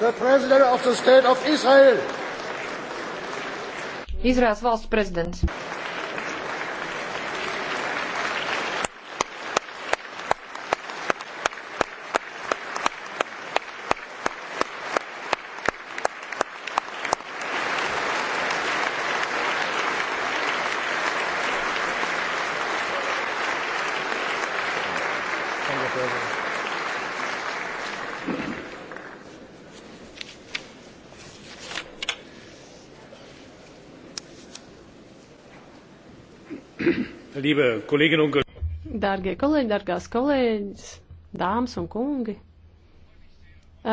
the President of the State of Israel. Izraels valsts prezidents. liebe Kolleginnen un Kollegen. Dārgie kolēģi, dārgās kolēģis, dāmas un kungi,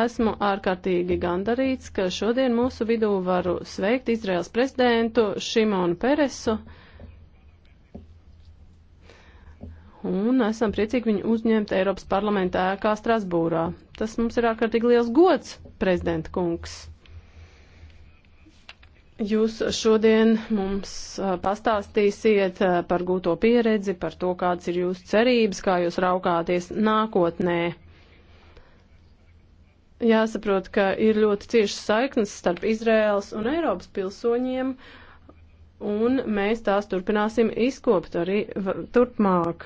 esmu ārkārtīgi gandarīts, ka šodien mūsu vidū varu sveikt Izraels prezidentu Šimonu Peresu. Un esam priecīgi viņu uzņemt Eiropas parlamentā ēkā Strasbūrā. Tas mums ir ārkārtīgi liels gods, prezidenta kungs. Jūs šodien mums pastāstīsiet par gūto pieredzi, par to, kādas ir jūsu cerības, kā jūs raukāties nākotnē. Jāsaprot, ka ir ļoti cieši saiknes starp Izraēlas un Eiropas pilsoņiem, un mēs tās turpināsim izkopt arī turpmāk.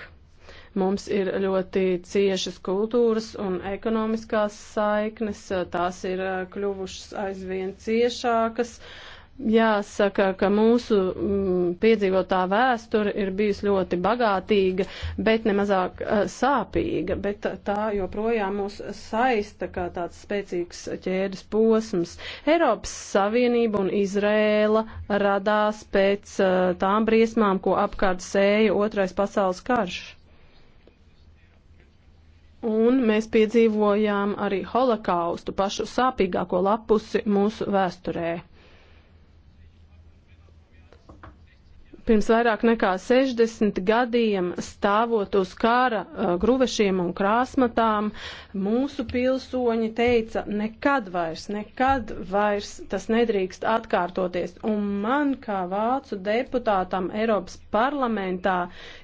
Mums ir ļoti ciešas kultūras un ekonomiskās saiknes, tās ir kļuvušas aizvien ciešākas. Uh, Jāsaka, ka mūsu mm, piedzīvotā vēsture ir bijusi ļoti bagātīga, bet nemazāk eh, sāpīga, bet tā joprojām mūs saista kā tāds spēcīgs ķēdes posms. Eiropas Savienība un Izrēla radās pēc eh, tām briesmām, ko apkārt sēja otrais pasaules karš. Un mēs piedzīvojām arī holokaustu, pašu sāpīgāko lapusi mūsu vēsturē. Pirms vairāk nekā 60 gadiem stāvot uz kara gruvešiem un krāsmatām, mūsu pilsoņi teica, nekad vairs, nekad vairs tas nedrīkst atkārtoties. Un man, kā vācu deputātam Eiropas parlamentā,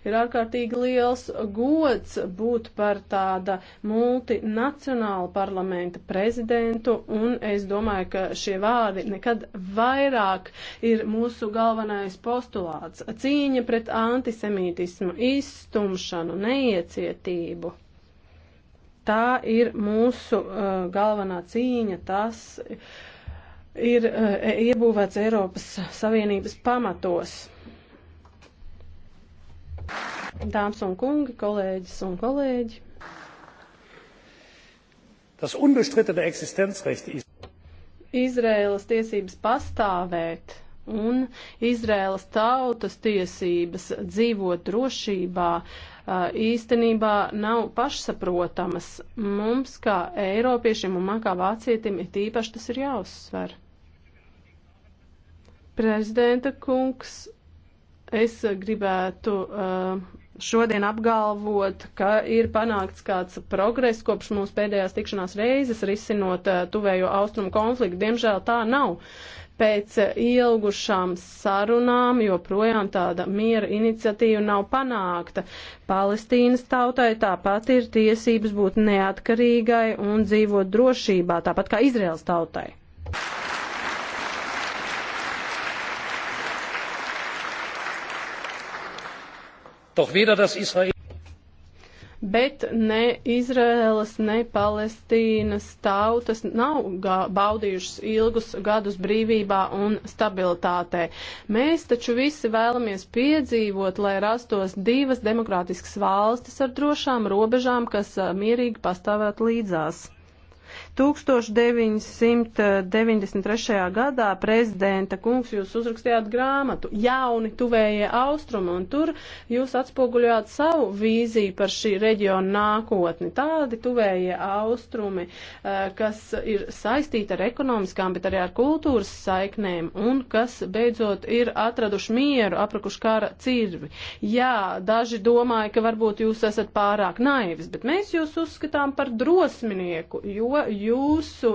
ir ārkārtīgi liels gods būt par tāda multinacionāla parlamenta prezidentu, un es domāju, ka šie vārdi nekad vairāk ir mūsu galvenais postulāts pamats - cīņa pret antisemītismu, izstumšanu, neiecietību. Tā ir mūsu uh, galvenā cīņa, tas ir uh, iebūvēts Eiropas Savienības pamatos. Dāmas un kungi, kolēģis un kolēģi. Das unbestrittene Existenzrecht Izraēlas tiesības pastāvēt un Izrēlas tautas tiesības dzīvot drošībā īstenībā nav pašsaprotamas. Mums, kā Eiropiešiem un man kā vācietim, ir tīpaši tas ir jāuzsver. Prezidenta kungs, es gribētu uh, šodien apgalvot, ka ir panākts kāds progress kopš mūsu pēdējās tikšanās reizes risinot tuvējo austrumu konfliktu. Diemžēl tā nav. Pēc ilgušām sarunām joprojām tāda miera iniciatīva nav panākta. Palestīnas tautai tāpat ir tiesības būt neatkarīgai un dzīvot drošībā, tāpat kā Izraels tautai. Doch weder das Israel bet ne Izraēlas, ne Palestīnas tautas nav baudījušas ilgus gadus brīvībā un stabilitātē. Mēs taču visi vēlamies piedzīvot, lai rastos divas demokrātiskas valstis ar drošām robežām, kas mierīgi pastāvētu līdzās. 1993. gadā prezidenta kungs jūs uzrakstījāt grāmatu Jauni tuvējie austrumi, un tur jūs atspoguļojāt savu vīziju par šī reģiona nākotni. Tādi tuvējie austrumi, eh, kas ir saistīti ar ekonomiskām, bet arī ar kultūras saiknēm, un kas beidzot ir atraduši mieru, aprakuši kara cirvi. Jā, daži domāja, ka varbūt jūs esat pārāk naivs, bet mēs jūs uzskatām par drosminieku, jo jūsu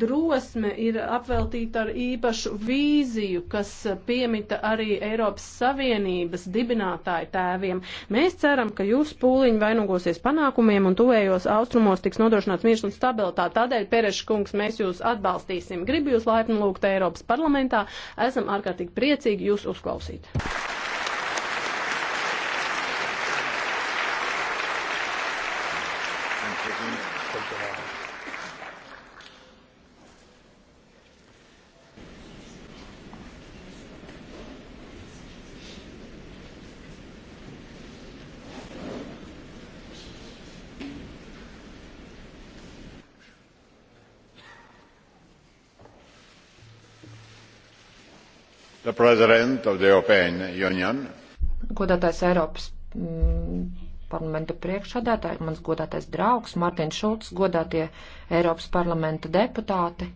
drosme ir apveltīta ar īpašu vīziju, kas piemita arī Eiropas Savienības dibinātāju tēviem. Mēs ceram, ka jūsu pūliņi vainogosies panākumiem un tuvējos austrumos tiks nodrošināts miers un stabilitāte. Tādēļ, Pereša kungs, mēs jūs atbalstīsim. Gribu jūs laipni lūgt Eiropas parlamentā. Esam ārkārtīgi priecīgi jūs uzklausīt. Thank you. Godātais Eiropas mm, parlamenta priekšsādātāji, mans godātais draugs Mārtiņš Šulcs, godātie Eiropas parlamenta deputāti.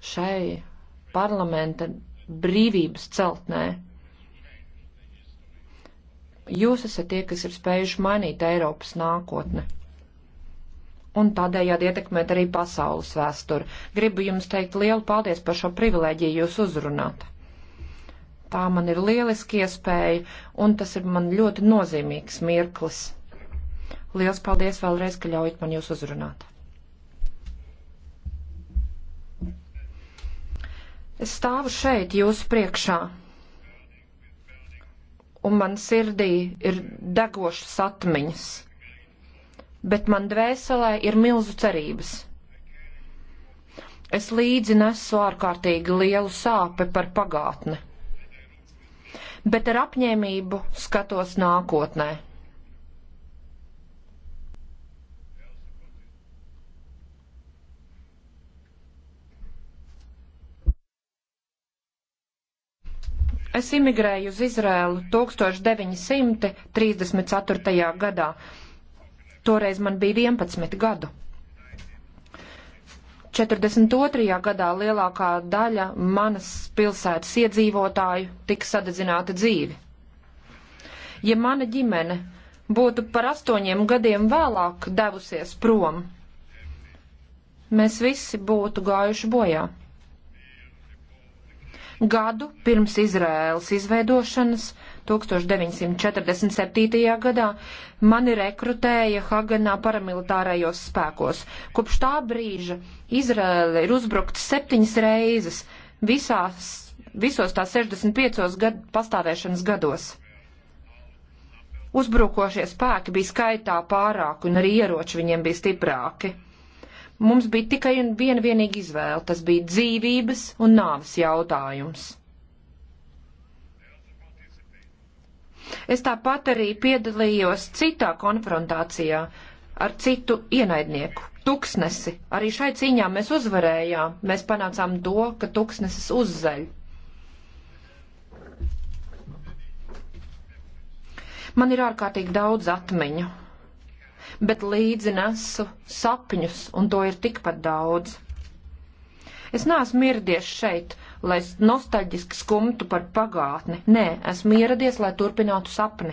Šai parlamenta brīvības celtnē jūs esat tie, kas ir spējuši mainīt Eiropas nākotni un tādējādi ietekmēt arī pasaules vēsturi. Gribu jums teikt lielu paldies par šo privilēģiju jūs uzrunāt. Tā man ir lieliski iespēja, un tas ir man ļoti nozīmīgs mirklis. Liels paldies vēlreiz, ka ļaujat man jūs uzrunāt. Es stāvu šeit jūsu priekšā, un man sirdī ir degošas atmiņas bet man dvēselē ir milzu cerības. Es līdzi nesu ārkārtīgi lielu sāpi par pagātni, bet ar apņēmību skatos nākotnē. Es imigrēju uz Izrēlu 1934. gadā, Toreiz man bija 11 gadu. 42. gadā lielākā daļa manas pilsētas iedzīvotāju tika sadedzināta dzīvi. Ja mana ģimene būtu par astoņiem gadiem vēlāk devusies prom, mēs visi būtu gājuši bojā. Gadu pirms Izraēlas izveidošanas 1947. gadā mani rekrutēja Haganā paramilitārajos spēkos. Kopš tā brīža Izraela ir uzbrukta septiņas reizes visās, visos tā 65. Gadu, pastāvēšanas gados. Uzbrukošie spēki bija skaitā pārāk un arī ieroči viņiem bija stiprāki mums bija tikai un viena vienīga izvēle - tas bija dzīvības un nāves jautājums. Es tāpat arī piedalījos citā konfrontācijā ar citu ienaidnieku. Tuksnesi. Arī šai cīņā mēs uzvarējām. Mēs panācām to, ka tuksnesis uzzeļ. Man ir ārkārtīgi daudz atmiņu, bet līdzi nesu sapņus, un to ir tikpat daudz. Es neesmu ieradies šeit, lai nostalģiski skumtu par pagātni. Nē, esmu ieradies, lai turpinātu sapni.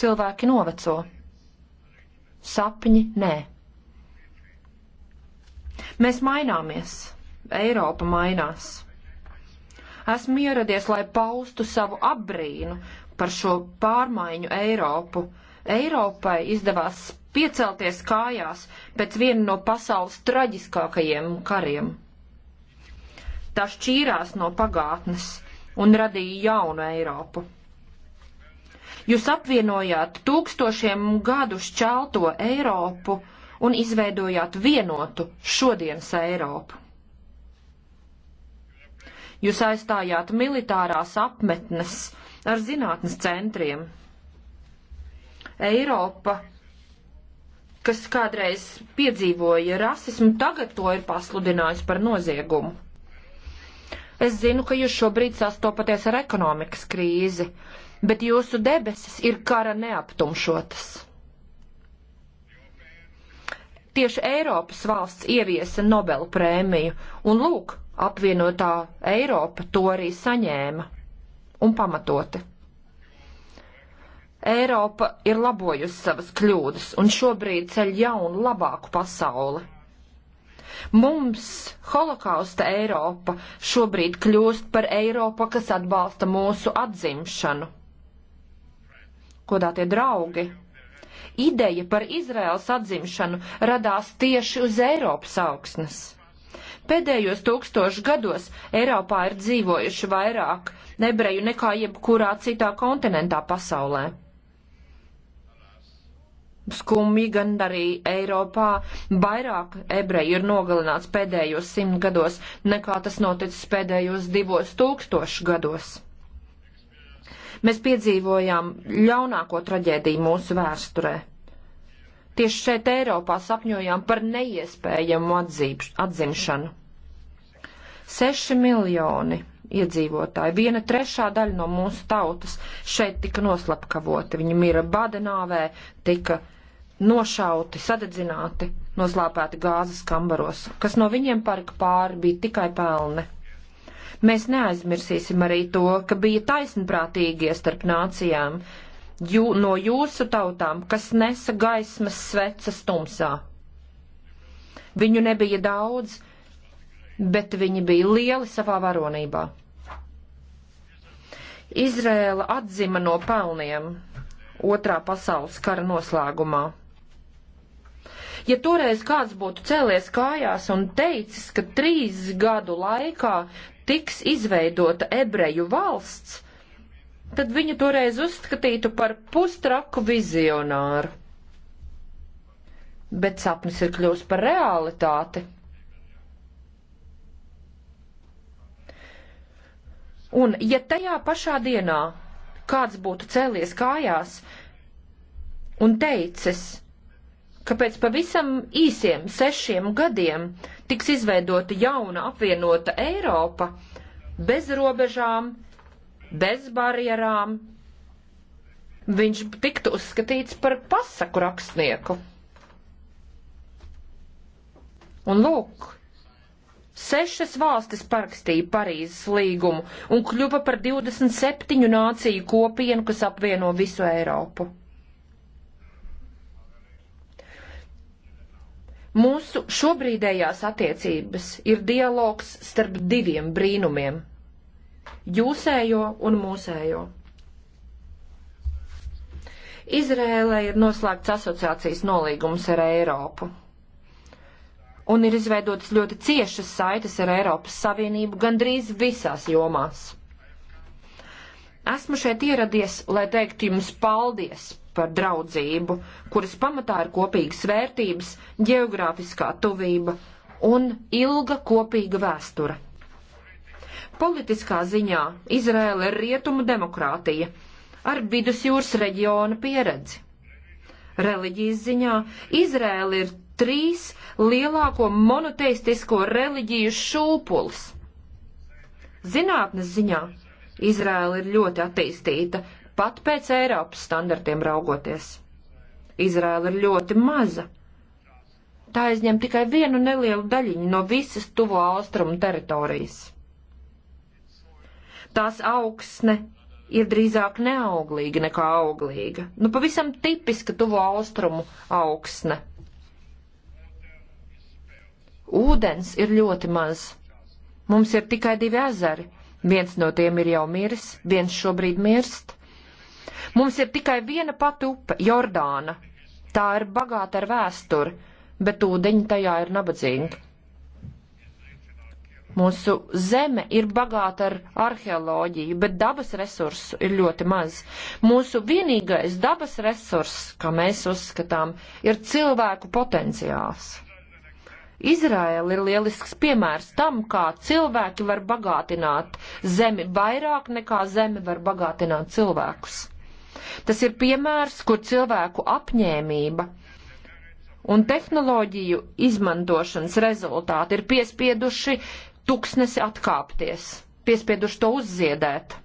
Cilvēki noveco. Sapņi nē. Mēs maināmies. Eiropa mainās. Esmu ieradies, lai paustu savu apbrīnu par šo pārmaiņu Eiropu. Eiropai izdevās piecelties kājās pēc viena no pasaules traģiskākajiem kariem. Tā šķīrās no pagātnes un radīja jaunu Eiropu. Jūs apvienojāt tūkstošiem gadu šķelto Eiropu un izveidojāt vienotu šodienas Eiropu. Jūs aizstājāt militārās apmetnes ar zinātnes centriem. Eiropa, kas kādreiz piedzīvoja rasismu, tagad to ir pasludinājusi par noziegumu. Es zinu, ka jūs šobrīd sastopaties ar ekonomikas krīzi, bet jūsu debesis ir kara neaptumšotas. Tieši Eiropas valsts ieviesa Nobela prēmiju, un lūk, apvienotā Eiropa to arī saņēma, un pamatoti. Eiropa ir labojusi savas kļūdas, un šobrīd ceļ jaunu, labāku pasauli Mums holokausta Eiropa šobrīd kļūst par Eiropu, kas atbalsta mūsu atzimšanu. Godātie draugi! Ideja par Izraels atzimšanu radās tieši uz Eiropas augsnes. Pēdējos tūkstošu gados Eiropā ir dzīvojuši vairāk nebreju nekā jebkurā citā kontinentā pasaulē skumji, gan arī Eiropā vairāk ebreju ir nogalināts pēdējos simt gados, nekā tas noticis pēdējos divos tūkstošu gados. Mēs piedzīvojām ļaunāko traģēdiju mūsu vēsturē. Tieši šeit Eiropā sapņojām par neiespējamu atzīpš, atzimšanu. Seši miljoni iedzīvotāji, viena trešā daļa no mūsu tautas šeit tika noslapkavoti. Viņi mira badenāvē, tika nošauti, sadedzināti, noslāpēti gāzes kambaros, kas no viņiem parka pāri bija tikai pelni. Mēs neaizmirsīsim arī to, ka bija taisnprātīgie starp nācijām, jū, no jūsu tautām, kas nesa gaismas svecas tumsā. Viņu nebija daudz, bet viņi bija lieli savā varonībā. Izrēla atzima no pelniem otrā pasaules kara noslēgumā Ja toreiz kāds būtu cēlies kājās un teicis, ka trīs gadu laikā tiks izveidota ebreju valsts, tad viņu toreiz uzskatītu par pustraku vizionāru. Bet sapnis ir kļūst par realitāti. Un, ja tajā pašā dienā kāds būtu cēlies kājās un teicis, ka pēc pavisam īsiem sešiem gadiem tiks izveidota jauna apvienota Eiropa bez robežām, bez barjerām. Viņš tiktu uzskatīts par pasaku rakstnieku. Un lūk, Sešas valstis parakstīja Parīzes līgumu un kļuva par 27 nāciju kopienu, kas apvieno visu Eiropu. Mūsu šobrīdējās attiecības ir dialogs starp diviem brīnumiem - jūsējo un mūsējo. Izrēlē ir noslēgts asociācijas nolīgums ar Eiropu. Un ir izveidotas ļoti ciešas saites ar Eiropas Savienību gandrīz visās jomās. Esmu šeit ieradies, lai teiktu jums paldies par draudzību, kuras pamatā ir kopīgas vērtības, geogrāfiskā tuvība un ilga kopīga vēstura. Politiskā ziņā Izraela ir rietumu demokrātija ar vidusjūras reģiona pieredzi. Reliģijas ziņā Izraela ir trīs lielāko monoteistisko reliģiju šūpulis. Zinātnes ziņā Izraela ir ļoti attīstīta, pat pēc Eiropas standartiem raugoties. Izraela ir ļoti maza. Tā aizņem tikai vienu nelielu daļiņu no visas tuvo austrumu teritorijas. Tās augsne ir drīzāk neauglīga nekā auglīga. Nu, pavisam tipiska tuvo austrumu augsne. Ūdens ir ļoti maz. Mums ir tikai divi ezeri. Viens no tiem ir jau miris, viens šobrīd mirst. Mums ir tikai viena pati upe - Jordāna. Tā ir bagāta ar vēsturi, bet ūdeņi tajā ir nabadzīgi. Mūsu zeme ir bagāta ar arheoloģiju, bet dabas resursu ir ļoti maz. Mūsu vienīgais dabas resurss, kā mēs uzskatām, ir cilvēku potenciāls. Izraēla ir lielisks piemērs tam, kā cilvēki var bagātināt zemi vairāk nekā zemi var bagātināt cilvēkus. Tas ir piemērs, kur cilvēku apņēmība un tehnoloģiju izmantošanas rezultāti ir piespieduši tuksnesi atkāpties, piespieduši to uzziedēt.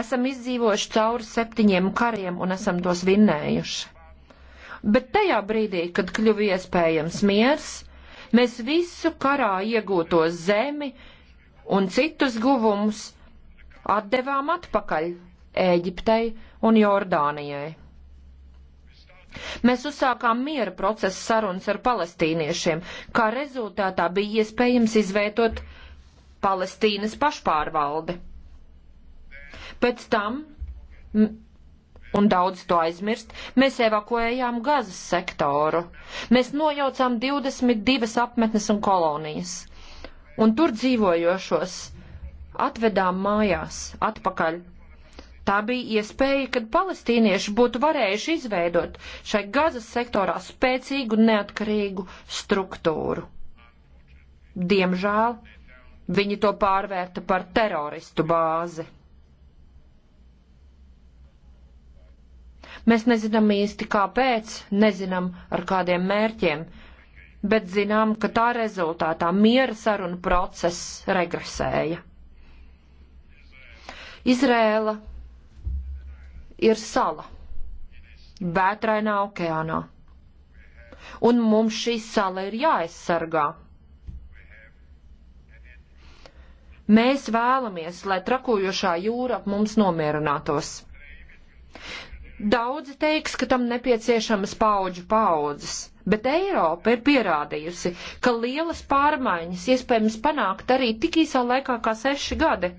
Esam izdzīvojuši cauri septiņiem kariem un esam tos vinnējuši. Bet tajā brīdī, kad kļuva iespējams miers, mēs visu karā iegūto zemi un citus guvumus atdevām atpakaļ Ēģiptei un Jordānijai. Mēs uzsākām miera procesa sarunas ar palestīniešiem, kā rezultātā bija iespējams izveidot Palestīnas pašpārvaldi. Pēc tam, un daudz to aizmirst, mēs evakuējām gazas sektoru. Mēs nojaucām 22 apmetnes un kolonijas, un tur dzīvojošos atvedām mājās atpakaļ Tā bija iespēja, kad palestīnieši būtu varējuši izveidot šai gazas sektorā spēcīgu neatkarīgu struktūru. Diemžēl viņi to pārvērta par teroristu bāzi. Mēs nezinām īsti kāpēc, nezinām ar kādiem mērķiem, bet zinām, ka tā rezultātā miera saruna process regresēja. Izrēla ir sala vētrainā okeānā. Un mums šī sala ir jāaizsargā. Mēs vēlamies, lai trakojošā jūra ap mums nomierinātos. Daudzi teiks, ka tam nepieciešamas paudžu paudzes, bet Eiropa ir pierādījusi, ka lielas pārmaiņas iespējams panākt arī tik īsā laikā kā seši gadi.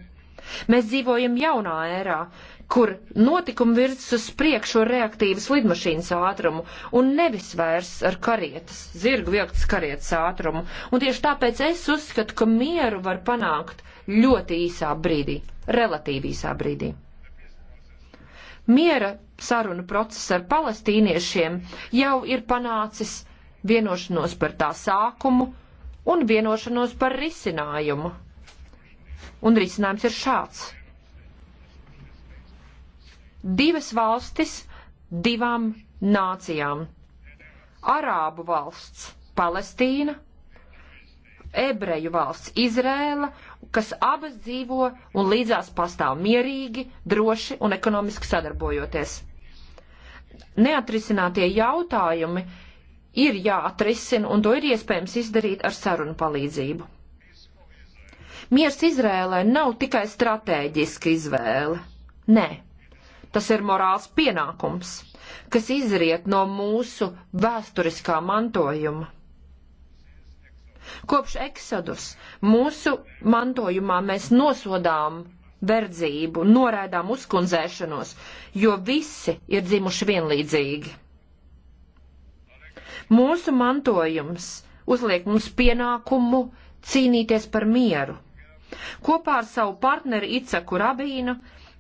Mēs dzīvojam jaunā ērā, kur notikumi virs uz priekšu ar reaktīvas lidmašīnas ātrumu un nevis vairs ar karietas, zirgu vilktas karietas ātrumu. Un tieši tāpēc es uzskatu, ka mieru var panākt ļoti īsā brīdī, relatīvi īsā brīdī. Miera sarunu process ar palestīniešiem jau ir panācis vienošanos par tā sākumu un vienošanos par risinājumu. Un risinājums ir šāds divas valstis divām nācijām. Arābu valsts Palestīna, ebreju valsts Izrēla, kas abas dzīvo un līdzās pastāv mierīgi, droši un ekonomiski sadarbojoties. Neatrisinātie jautājumi ir jāatrisina, un to ir iespējams izdarīt ar sarunu palīdzību. Miers Izrēlē nav tikai stratēģiska izvēle. Nē. Tas ir morāls pienākums, kas izriet no mūsu vēsturiskā mantojuma. Kopš eksodus mūsu mantojumā mēs nosodām verdzību, noraidām uzkundzēšanos, jo visi ir dzimuši vienlīdzīgi. Mūsu mantojums uzliek mums pienākumu cīnīties par mieru. Kopā ar savu partneri Icaku Rabīnu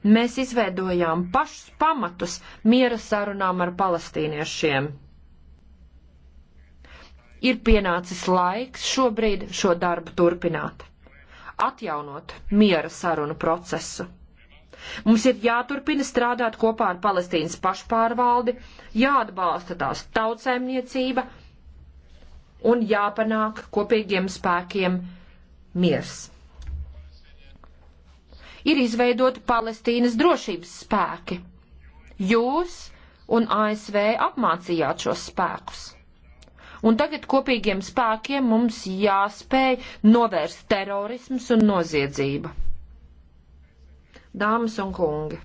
Mēs izveidojām pašus pamatus miera sarunām ar palestīniešiem. Ir pienācis laiks šobrīd šo darbu turpināt, atjaunot miera sarunu procesu. Mums ir jāturpina strādāt kopā ar Palestīnas pašpārvaldi, jāatbalsta tās tautsēmniecība un jāpanāk kopīgiem spēkiem miers ir izveidot Palestīnas drošības spēki. Jūs un ASV apmācījāt šos spēkus. Un tagad kopīgiem spēkiem mums jāspēj novērst terorisms un noziedzība. Dāmas un kungi,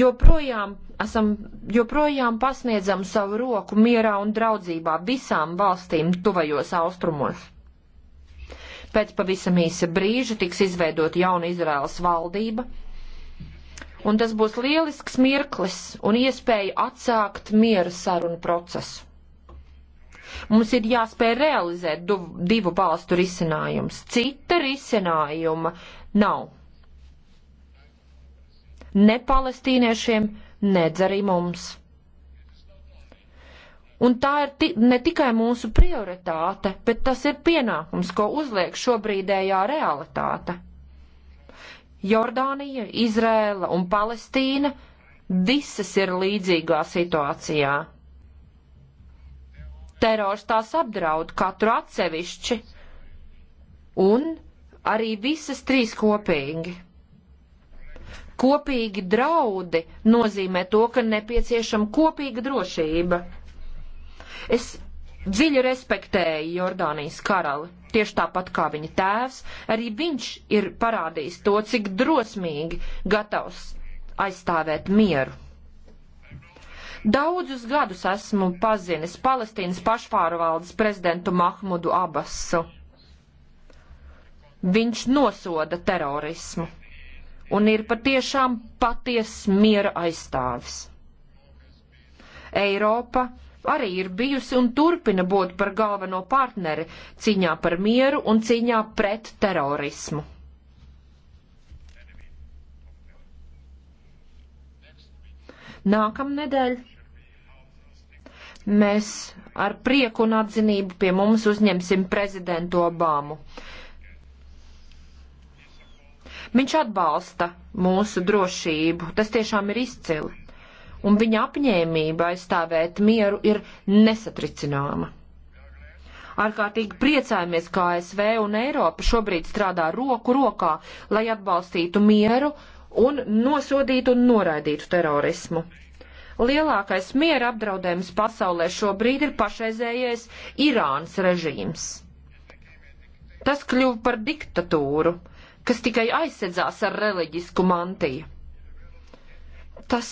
joprojām esam, joprojām pasniedzam savu roku mierā un draudzībā visām valstīm tuvajos austrumos Pēc pavisam īsa brīža tiks izveidota jauna Izraels valdība. Un tas būs lielisks mirklis un iespēja atsākt miera sarunu procesu. Mums ir jāspēj realizēt divu valstu risinājumus. Cita risinājuma nav. Ne palestīniešiem, nedz arī mums. Un tā ir ti, ne tikai mūsu prioritāte, bet tas ir pienākums, ko uzliek šobrīdējā realitāte. Jordānija, Izrēla un Palestīna visas ir līdzīgā situācijā. Terors tās apdraud katru atsevišķi un arī visas trīs kopīgi. Kopīgi draudi nozīmē to, ka nepieciešama kopīga drošība Es dziļi respektēju Jordānijas karali, tieši tāpat kā viņa tēvs. Arī viņš ir parādījis to, cik drosmīgi gatavs aizstāvēt mieru. Daudzus gadus esmu pazinis Palestīnas pašpārvaldes prezidentu Mahmudu Abasu. Viņš nosoda terorismu un ir patiešām paties miera aizstāvis. Eiropa arī ir bijusi un turpina būt par galveno partneri cīņā par mieru un cīņā pret terorismu. Nākamnedēļ mēs ar prieku un atzinību pie mums uzņemsim prezidentu Obamu. Viņš atbalsta mūsu drošību. Tas tiešām ir izcili un viņa apņēmība aizstāvēt mieru ir nesatricināma. Ārkārtīgi priecājamies, ka ASV un Eiropa šobrīd strādā roku rokā, lai atbalstītu mieru un nosodītu un noraidītu terorismu. Lielākais miera apdraudējums pasaulē šobrīd ir pašreizējais Irānas režīms. Tas kļuva par diktatūru, kas tikai aizsedzās ar reliģisku mantiju. Tas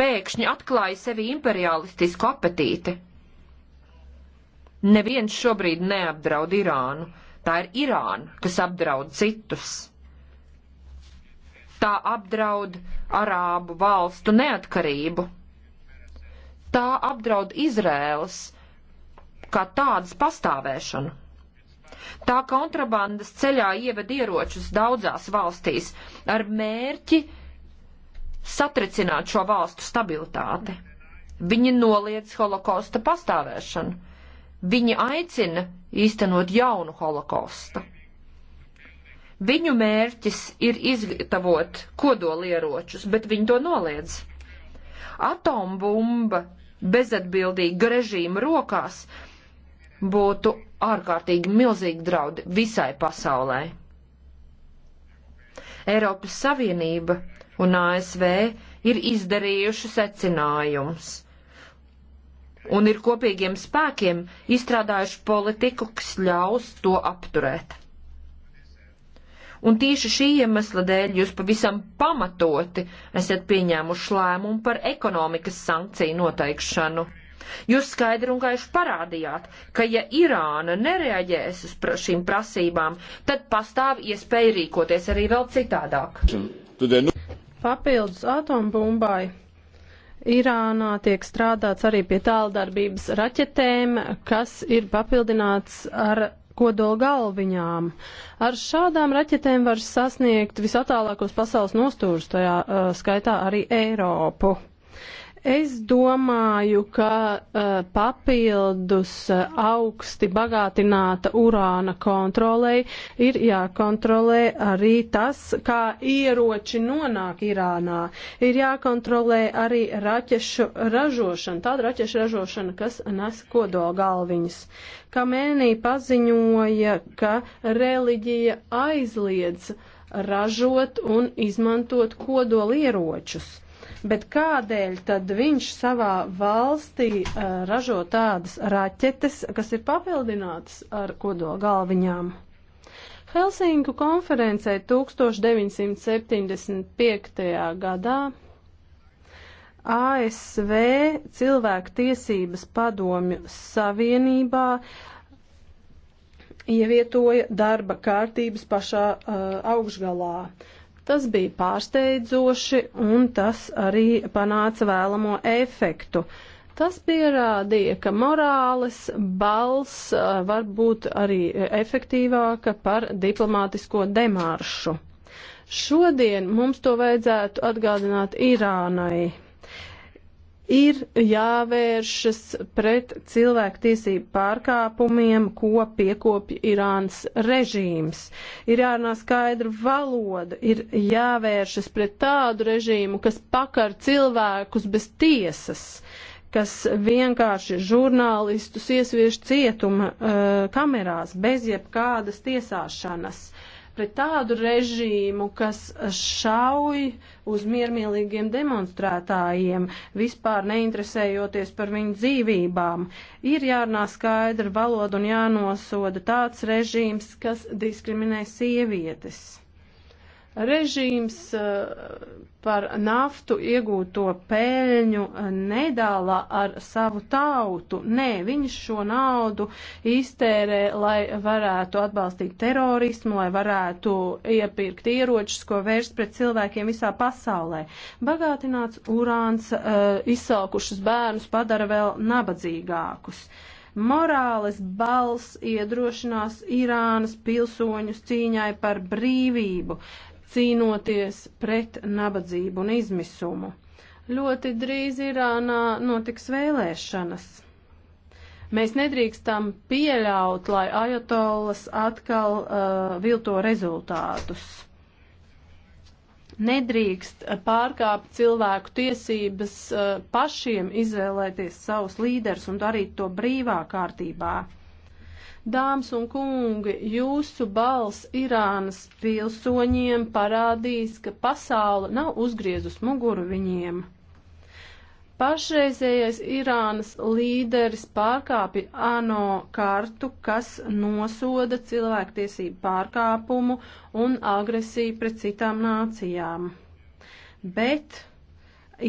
pēkšņi atklāja sevi imperialistisku apetīti. Neviens šobrīd neapdraud Irānu. Tā ir Irāna, kas apdraud citus. Tā apdraud arābu valstu neatkarību. Tā apdraud Izrēlas kā tādas pastāvēšanu. Tā kontrabandas ceļā ieved ieročus daudzās valstīs ar mērķi satricināt šo valstu stabilitāti. Viņi noliedz holokausta pastāvēšanu. Viņi aicina īstenot jaunu holokaustu. Viņu mērķis ir izgatavot kodolieročus, bet viņi to noliedz. Atombumba bezatbildīga režīma rokās būtu ārkārtīgi milzīgi draudi visai pasaulē. Eiropas Savienība un ASV ir izdarījuši secinājums un ir kopīgiem spēkiem izstrādājuši politiku, kas ļaus to apturēt. Un tieši šī iemesla dēļ jūs pavisam pamatoti esat pieņēmuši lēmumu par ekonomikas sankciju noteikšanu. Jūs skaidri un gaiši parādījāt, ka ja Irāna nereaģēs uz pra šīm prasībām, tad pastāv iespēja rīkoties arī vēl citādāk. Tudien. Nu- papildus atombumbai. Irānā tiek strādāts arī pie tāldarbības raķetēm, kas ir papildināts ar kodola galviņām. Ar šādām raķetēm var sasniegt visatālākos pasaules nostūrus, tajā uh, skaitā arī Eiropu. Es domāju, ka uh, papildus uh, augsti bagātināta urāna kontrolei ir jākontrolē arī tas, kā ieroči nonāk Irānā. Ir jākontrolē arī raķešu ražošana, tāda raķešu ražošana, kas nes kodola galviņas. Kamēnī paziņoja, ka reliģija aizliedz ražot un izmantot kodolieročus bet kādēļ tad viņš savā valstī uh, ražo tādas raķetes, kas ir papildinātas ar kodola galviņām? Helsinku konferencē 1975. gadā ASV cilvēku tiesības padomju savienībā ievietoja darba kārtības pašā uh, augšgalā. Tas bija pārsteidzoši un tas arī panāca vēlamo efektu. Tas pierādīja, ka morāles balss var būt arī efektīvāka par diplomātisko demāršu. Šodien mums to vajadzētu atgādināt Irānai ir jāvēršas pret cilvēktiesību pārkāpumiem, ko piekopja Irānas režīms. Ir jārunā skaidra valoda, ir jāvēršas pret tādu režīmu, kas pakar cilvēkus bez tiesas kas vienkārši žurnālistus iesviež cietuma uh, kamerās bez jebkādas tiesāšanas pret tādu režīmu, kas šauj uz miermīlīgiem demonstrētājiem, vispār neinteresējoties par viņu dzīvībām. Ir jārunā skaidra valoda un jānosoda tāds režīms, kas diskriminē sievietes. Režīms eh, par naftu iegūto peļņu eh, nedala ar savu tautu. Nē, viņš šo naudu iztērē, lai varētu atbalstīt terorismu, lai varētu iepirkt ieročus, ko vērst pret cilvēkiem visā pasaulē. Bagātināts urāns eh, izsalkušus bērnus padara vēl nabadzīgākus. Morāles balss iedrošinās Irānas pilsoņus cīņai par brīvību cīnoties pret nabadzību un izmisumu. Ļoti drīz Irānā notiks vēlēšanas. Mēs nedrīkstam pieļaut, lai ajatolas atkal uh, vilto rezultātus. Nedrīkst pārkāpt cilvēku tiesības uh, pašiem izvēlēties savus līderus un darīt to brīvā kārtībā. Dāmas un kungi, jūsu balss Irānas pilsoņiem parādīs, ka pasaule nav uzgriezus muguru viņiem. Pašreizējais Irānas līderis pārkāpja ANO kartu, kas nosoda cilvēktiesību pārkāpumu un agresiju pret citām nācijām. Bet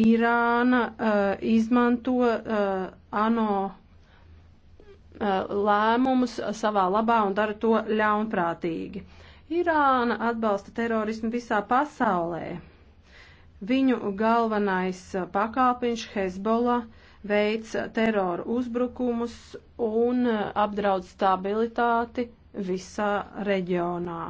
Irāna uh, izmanto uh, ANO Uh, lēmumus savā labā un dara to ļaunprātīgi. Irāna atbalsta terorismu visā pasaulē. Viņu galvenais pakāpiņš Hezbollah veids teroru uzbrukumus un apdraud stabilitāti visā reģionā.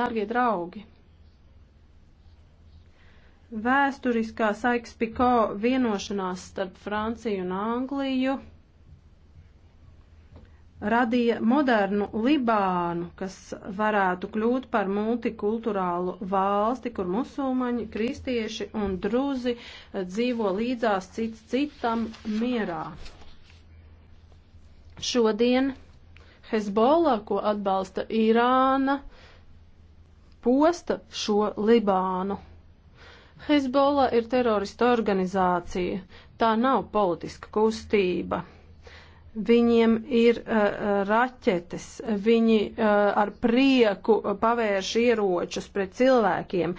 Dārgie draugi! Vēsturiskā Saiks-Piko vienošanās starp Franciju un Angliju radīja modernu Libānu, kas varētu kļūt par multikulturālu valsti, kur musulmaņi, kristieši un druzi eh, dzīvo līdzās cits citam mierā. Šodien Hezbollah, ko atbalsta Irāna, posta šo Libānu. Hezbollah ir terorista organizācija, tā nav politiska kustība. Viņiem ir uh, uh, raķetes, viņi uh, ar prieku pavērš ieročus pret cilvēkiem.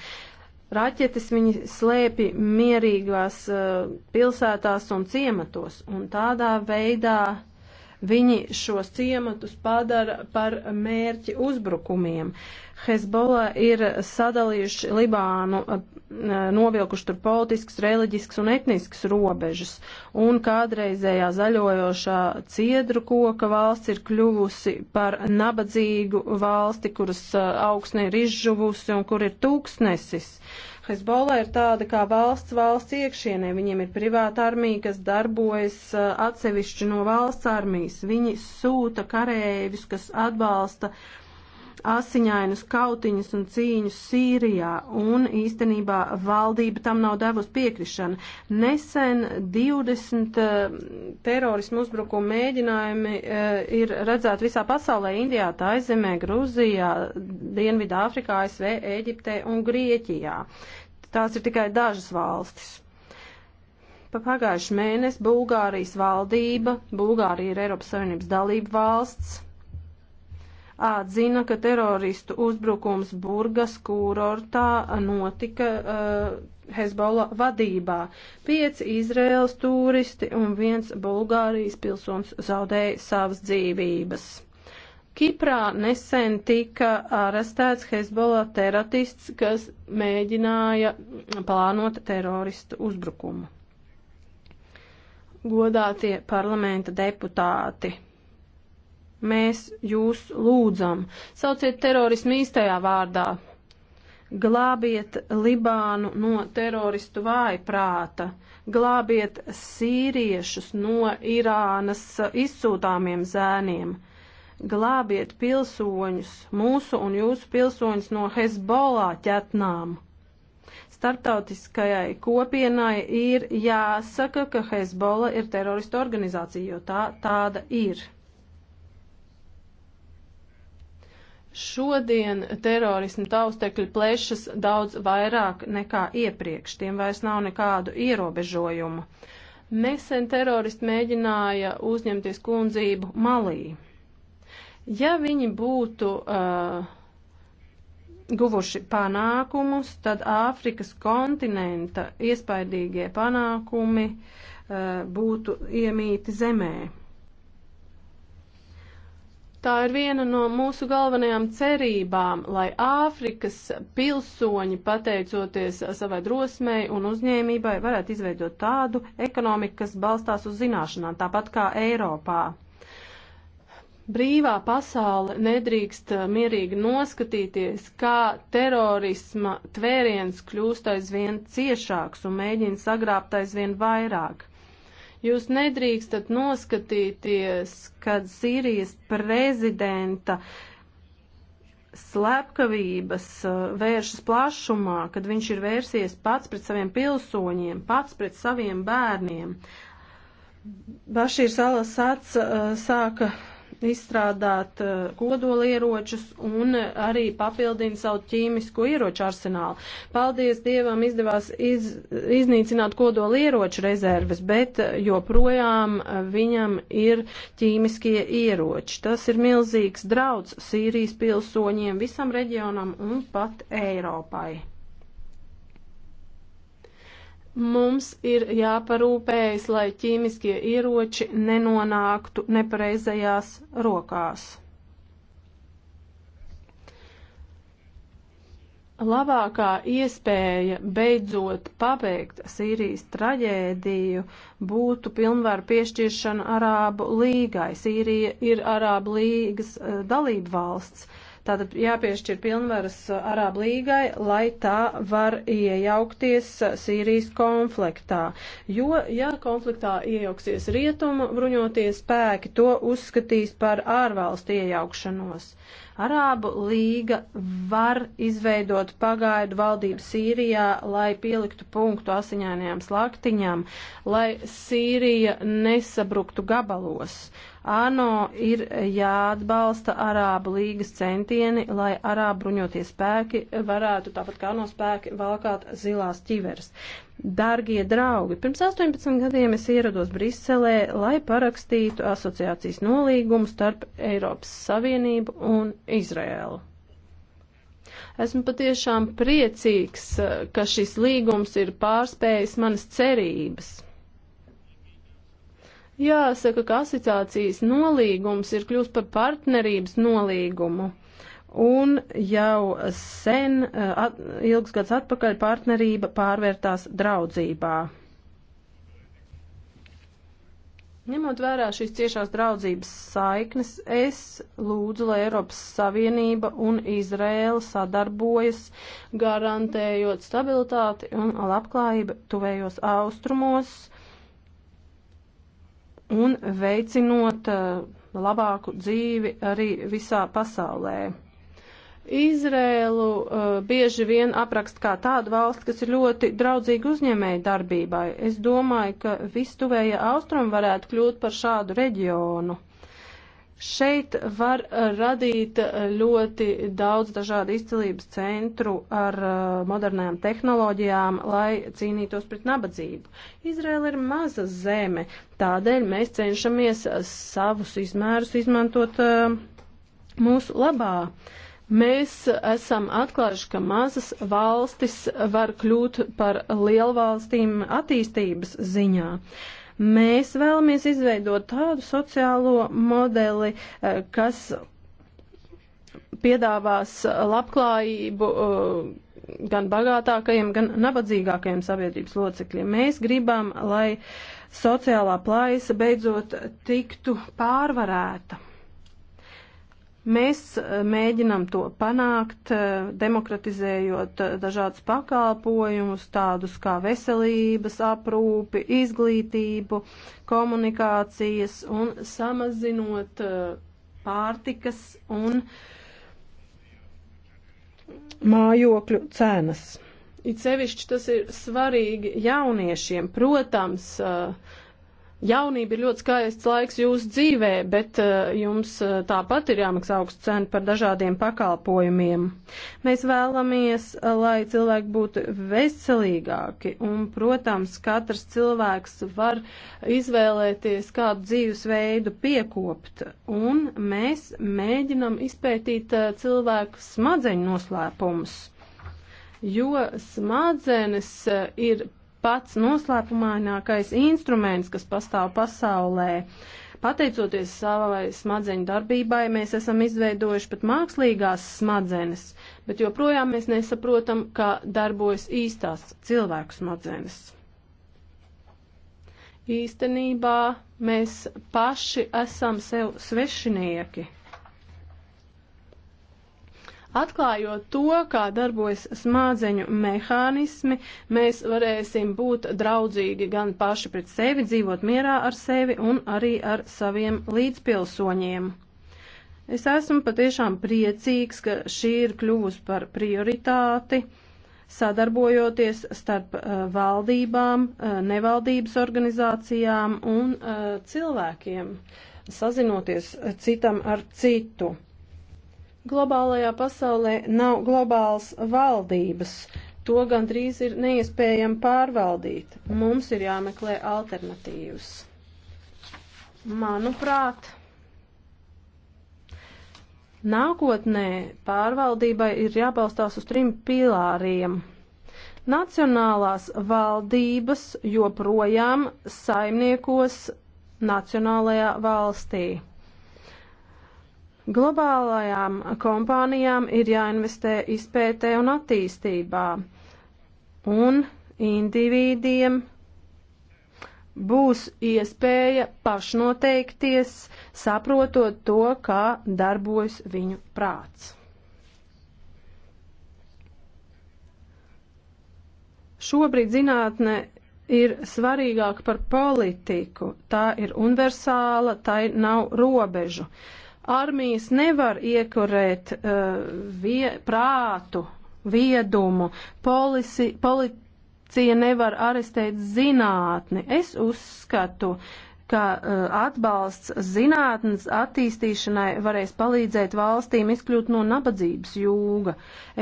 Raķetes viņi slēpi mierīgās uh, pilsētās un ciematos, un tādā veidā uh, Viņi šos ciematus padara par mērķi uzbrukumiem. Hezbollah ir sadalījuši Libānu, novilkuši tur politisks, reliģisks un etnisks robežas, un kādreizējā zaļojošā ciedru koka valsts ir kļuvusi par nabadzīgu valsti, kuras augsne ir izžuvusi un kur ir tūkstnesis. Uh, Hezbollah ir tāda kā valsts valsts iekšienē. Viņiem ir privāta armija, kas darbojas atsevišķi no valsts armijas. Viņi sūta karēvis, kas atbalsta uh, asiņainus kautiņus un cīņus Sīrijā, un īstenībā valdība tam nav devusi piekrišanu. Nesen 20 uh, eh, terorismu uzbrukumu mēģinājumi uh, ir redzēti visā pasaulē - Indijā, Taizemē, Grūzijā, Dienvidā, Afrikā, ASV, Ēģiptē un Grieķijā. Tās ir tikai dažas valstis. Pa pagājuši mēnesi Bulgārijas valdība, Bulgārija ir Eiropas Savienības dalība valsts, atzina, ka teroristu uzbrukums Burgas kūrortā notika uh, Hezbollah vadībā. Pieci Izraels turisti un viens Bulgārijas pilsons zaudēja savas dzīvības. Kiprā nesen tika arestēts Hezbollah terorists, kas mēģināja plānot teroristu uzbrukumu. Godātie parlamenta deputāti! mēs jūs lūdzam. Sauciet terorismu īstajā vārdā. Glābiet Libānu no teroristu vājprāta, glābiet sīriešus no Irānas izsūtāmiem zēniem, glābiet pilsoņus, mūsu un jūsu pilsoņus no Hezbollah ķetnām starptautiskajai kopienai ir jāsaka, ka Hezbola ir terorista organizācija, jo tā tāda ir. Šodien terorismu taustekļi plešas daudz vairāk nekā iepriekš, tiem vairs nav nekādu ierobežojumu. Nesen teroristi mēģināja uzņemties kundzību malī. Ja viņi būtu uh, guvuši panākumus, tad Āfrikas kontinenta iespaidīgie panākumi uh, būtu iemīti zemē. Tā ir viena no mūsu galvenajām cerībām, lai Āfrikas pilsoņi, pateicoties savai drosmei un uzņēmībai, varētu izveidot tādu ekonomiku, kas balstās uz zināšanām, tāpat kā Eiropā. Brīvā pasaule nedrīkst mierīgi noskatīties, kā terorisma tvēriens kļūst aizvien ciešāks un mēģina sagrābt aizvien vairāk. Jūs nedrīkstat noskatīties, kad Sīrijas prezidenta slepkavības uh, vēršas plašumā, kad viņš ir vērsies pats pret saviem pilsoņiem, pats pret saviem bērniem. Bašīrs Alasats uh, sāka izstrādāt eh, kodolieročus un arī papildina savu ķīmisko ieroču arsenālu. Paldies Dievam izdevās iz, iznīcināt kodolieroču rezerves, bet eh, joprojām eh, viņam ir ķīmiskie ieroči. Tas ir milzīgs drauds Sīrijas pilsoņiem, visam reģionam un pat Eiropai. Mums ir jāparūpējas, lai ķīmiskie ieroči nenonāktu nepareizajās rokās. labākā iespēja beidzot pabeigt Sīrijas traģēdiju būtu pilnvaru piešķiršana Arābu līgai. Sīrija ir Arābu līgas eh, dalība valsts. Tātad jāpiešķir pilnvaras uh, Arābu līgai, lai tā var iejaukties uh, Sīrijas konfliktā. Jo, ja konfliktā iejauksies rietumu bruņoties spēki, to uzskatīs par ārvalstu iejaukšanos. Arābu līga var izveidot pagaidu valdību Sīrijā, lai pieliktu punktu asiņainajām slaktiņām, lai Sīrija nesabruktu gabalos. ANO ir jāatbalsta Arābu līgas centieni, lai Arābu bruņotie spēki varētu, tāpat kā ANO spēki, valkāt zilās ķiveres. Dargie draugi, pirms 18 gadiem es ierados Briselē, lai parakstītu asociācijas nolīgumu starp Eiropas Savienību un Izraēlu. Esmu patiešām priecīgs, ka šis līgums ir pārspējis manas cerības. Jāsaka, ka asociācijas nolīgums ir kļūst par partnerības nolīgumu. Un jau sen, eh, at, ilgs gads atpakaļ, partnerība pārvērtās draudzībā. Ņemot vērā šīs ciešās draudzības saiknes, es lūdzu, lai Eiropas Savienība un Izrēla sadarbojas, garantējot stabilitāti un labklājību tuvējos austrumos un veicinot eh, labāku dzīvi arī visā pasaulē. Izrēlu uh, bieži vien aprakst kā tādu valsti, kas ir ļoti draudzīga uzņēmēja darbībai. Es domāju, ka vistuvējie austrumi varētu kļūt par šādu reģionu. Šeit var radīt ļoti daudz dažādu izcilības centru ar uh, modernām tehnoloģijām, lai cīnītos pret nabadzību. Izraela ir maza zeme, tādēļ mēs cenšamies savus izmērus izmantot uh, mūsu labā. Mēs esam atklājuši, ka mazas valstis var kļūt par lielvalstīm attīstības ziņā. Uh, Mēs vēlamies izveidot tādu sociālo modeli, eh, kas piedāvās labklājību eh, gan bagātākajiem, gan nabadzīgākajiem sabiedrības locekļiem. Mēs gribam, lai sociālā plaisa beidzot tiktu pārvarēta. Mēs eh, mēģinam to panākt, eh, demokratizējot eh, dažādus pakalpojumus, tādus kā veselības aprūpi, izglītību, komunikācijas un samazinot pārtikas un mājokļu cenas. It sevišķi tas ir svarīgi jauniešiem, protams, uh, Jaunība ir ļoti skaists laiks jūsu dzīvē, bet uh, jums uh, tāpat ir jāmaksā augstu cenu par dažādiem pakalpojumiem. Mēs vēlamies, uh, lai cilvēki būtu veselīgāki, un, protams, katrs cilvēks var izvēlēties, kādu dzīvesveidu piekopt, un mēs mēģinam izpētīt uh, cilvēku smadzeņu noslēpumus jo smadzenes ir pats noslēpumainākais instruments, kas pastāv pasaulē. Pateicoties savai smadzeņu darbībai, mēs esam izveidojuši pat mākslīgās smadzenes, bet joprojām mēs nesaprotam, kā darbojas īstās cilvēku smadzenes. Īstenībā mēs paši esam sev svešinieki. Atklājot to, kā darbojas smadzeņu mehānismi, mēs varēsim būt draudzīgi gan paši pret sevi, dzīvot mierā ar sevi un arī ar saviem līdzpilsoņiem. Es esmu patiešām priecīgs, ka šī ir kļuvusi par prioritāti sadarbojoties starp uh, valdībām, uh, nevaldības organizācijām un uh, cilvēkiem, sazinoties citam ar citu. Globālajā pasaulē nav globālas valdības. To gandrīz ir neiespējami pārvaldīt. Mums ir jāmeklē alternatīvas. Manuprāt, nākotnē pārvaldībai ir jābalstās uz trim pilāriem. Nacionālās valdības joprojām saimniekos nacionālajā valstī. Globālajām kompānijām ir jāinvestē izpētē un attīstībā, un individiem būs iespēja pašnoteikties, saprotot to, kā darbojas viņu prāts. Šobrīd zinātne ir svarīgāka par politiku. Tā ir universāla, tai nav robežu. Uh, Armijas nevar iekurēt uh, vie, prātu, viedumu, polisi, policija nevar arestēt zinātni. Es uzskatu, uh, ka uh, atbalsts zinātnes attīstīšanai varēs palīdzēt valstīm izkļūt no nabadzības jūga.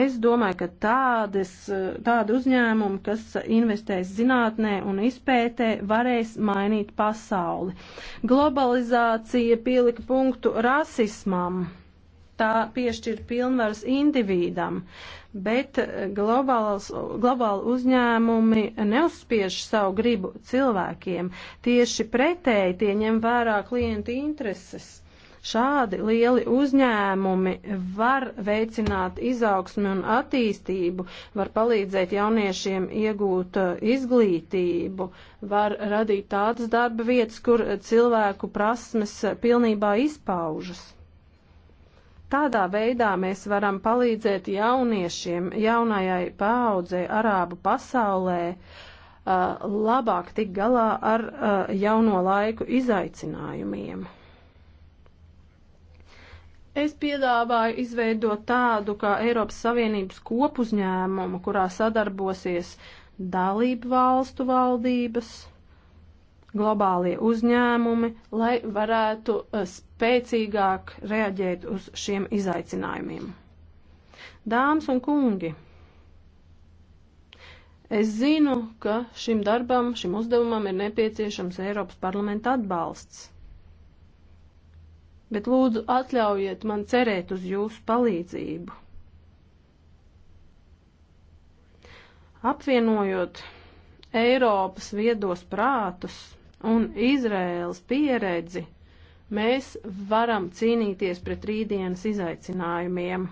Es domāju, ka tādas, e, tāda uzņēmuma, kas investēs zinātnē un izpētē, varēs mainīt pasauli. Globalizācija pielika punktu rasismam tā piešķir pilnvaras individam, bet globāls, globāli uzņēmumi neuzspiež savu gribu cilvēkiem. Tieši pretēji tie ņem vērā klientu intereses. Šādi lieli uzņēmumi var veicināt izaugsmi un attīstību, var palīdzēt jauniešiem iegūt uh, izglītību, var radīt tādas darba vietas, kur cilvēku prasmes uh, pilnībā izpaužas. Tādā veidā mēs varam palīdzēt jauniešiem, jaunajai paaudzei arābu pasaulē uh, labāk tik galā ar uh, jauno laiku izaicinājumiem. Es piedāvāju izveidot tādu kā Eiropas Savienības kopuzņēmumu, kurā sadarbosies dalību valstu valdības, globālie uzņēmumi, lai varētu eh, spēcīgāk reaģēt uz šiem izaicinājumiem. Dāmas un kungi, es zinu, ka šim darbam, šim uzdevumam ir nepieciešams Eiropas parlamenta atbalsts. Bet lūdzu atļaujiet man cerēt uz jūsu palīdzību. Apvienojot Eiropas viedos prātus, un Izraēlas pieredzi mēs varam cīnīties pret rītdienas izaicinājumiem.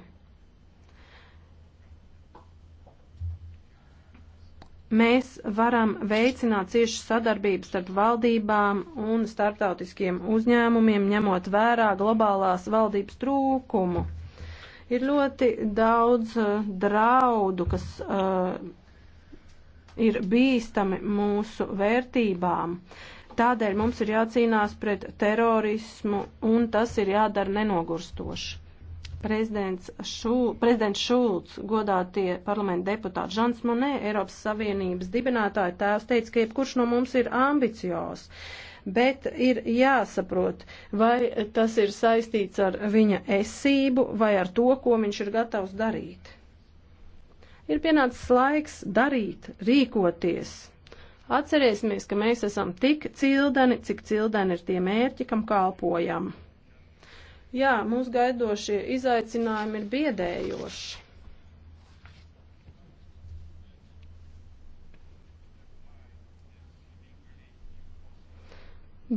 Mēs varam veicināt ciešu sadarbību starp valdībām un starptautiskiem uzņēmumiem, ņemot vērā globālās valdības trūkumu. Ir ļoti daudz uh, draudu, kas uh, ir bīstami mūsu vērtībām. Uh, Tādēļ mums ir jācīnās pret terorismu, un tas ir jādara nenogurstoši. Prezidents, Šu, prezidents Šulcs, godātie parlamenta deputāti Žants Monē, Eiropas Savienības dibinātāja tēvs, teica, ka jebkurš no mums ir ambiciozs, bet ir jāsaprot, vai tas ir saistīts ar viņa esību vai ar to, ko viņš ir gatavs darīt. Ir pienācis laiks darīt, rīkoties. Atcerēsimies, ka mēs esam tik cildeni, cik cildeni ir tie mērķi, kam kalpojam. Jā, mūs gaidošie izaicinājumi ir biedējoši.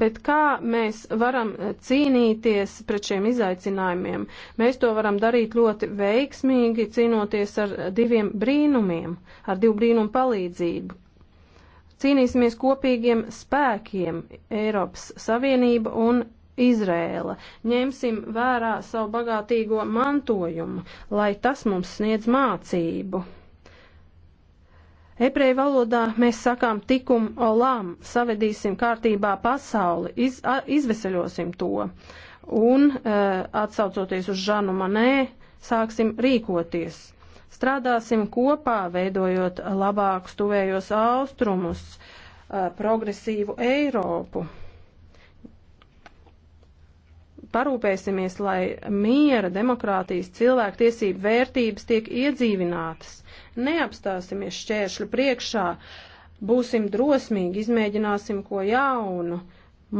Bet kā mēs varam cīnīties pret šiem izaicinājumiem? Mēs to varam darīt ļoti veiksmīgi, cīnoties ar diviem brīnumiem, ar divu brīnumu palīdzību. Cīnīsimies kopīgiem spēkiem Eiropas Savienība un Izrēla. Ņemsim vērā savu bagātīgo mantojumu, lai tas mums sniedz mācību. Ebreju valodā mēs sakām tikum olām, savedīsim kārtībā pasauli, iz, a, izveseļosim to. Un, uh, atsaucoties uz Žanu Manē, sāksim rīkoties. Strādāsim kopā, veidojot labākus tuvējos austrumus, eh, progresīvu Eiropu. Parūpēsimies, lai miera, demokrātijas, cilvēktiesību vērtības tiek iedzīvinātas. Neapstāsimies šķēršļu priekšā, būsim drosmīgi, izmēģināsim ko jaunu.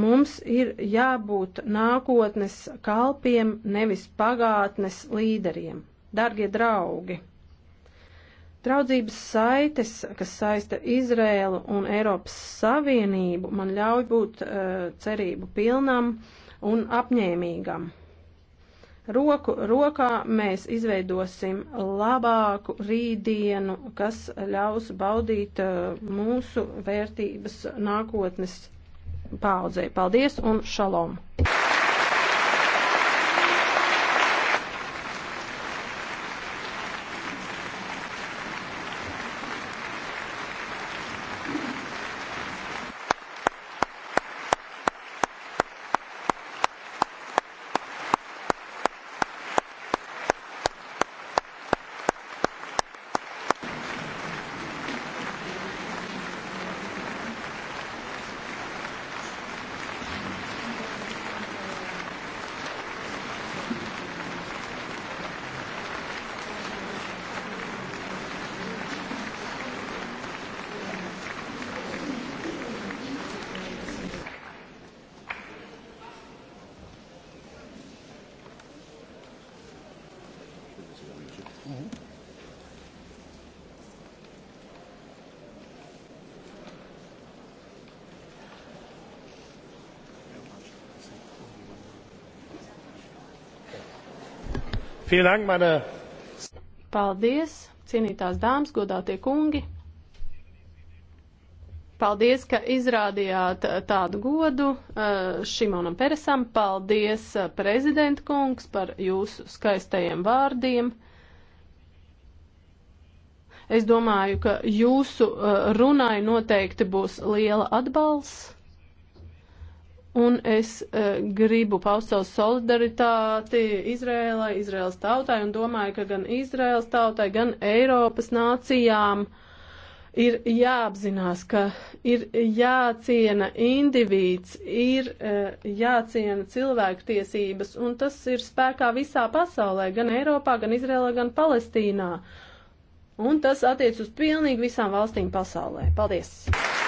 Mums ir jābūt nākotnes kalpiem, nevis pagātnes līderiem. Dargie draugi! Draudzības saites, kas saista Izrēlu un Eiropas Savienību, man ļauj būt uh, cerību pilnam un apņēmīgam. Roku rokā mēs izveidosim labāku rītdienu, kas ļaus baudīt uh, mūsu vērtības nākotnes paudzē. Paldies un šalom! Paldies, cienītās dāmas, godātie kungi. Paldies, ka izrādījāt eh, tādu godu eh, Šimonam Peresam. Paldies, eh, prezidenta kungs, par jūsu skaistajiem vārdiem. Es domāju, ka jūsu runai noteikti būs liela atbalsts. Un es uh, gribu paust savu solidaritāti Izrēlai, Izrēlas tautai un domāju, ka gan Izrēlas tautai, gan Eiropas nācijām ir jāapzinās, ka ir jāciena individs, ir uh, jāciena cilvēktiesības, un tas ir spēkā visā pasaulē, gan Eiropā, gan Izrēlā, gan Palestīnā. Un tas attiec uz pilnīgi visām valstīm pasaulē. Paldies!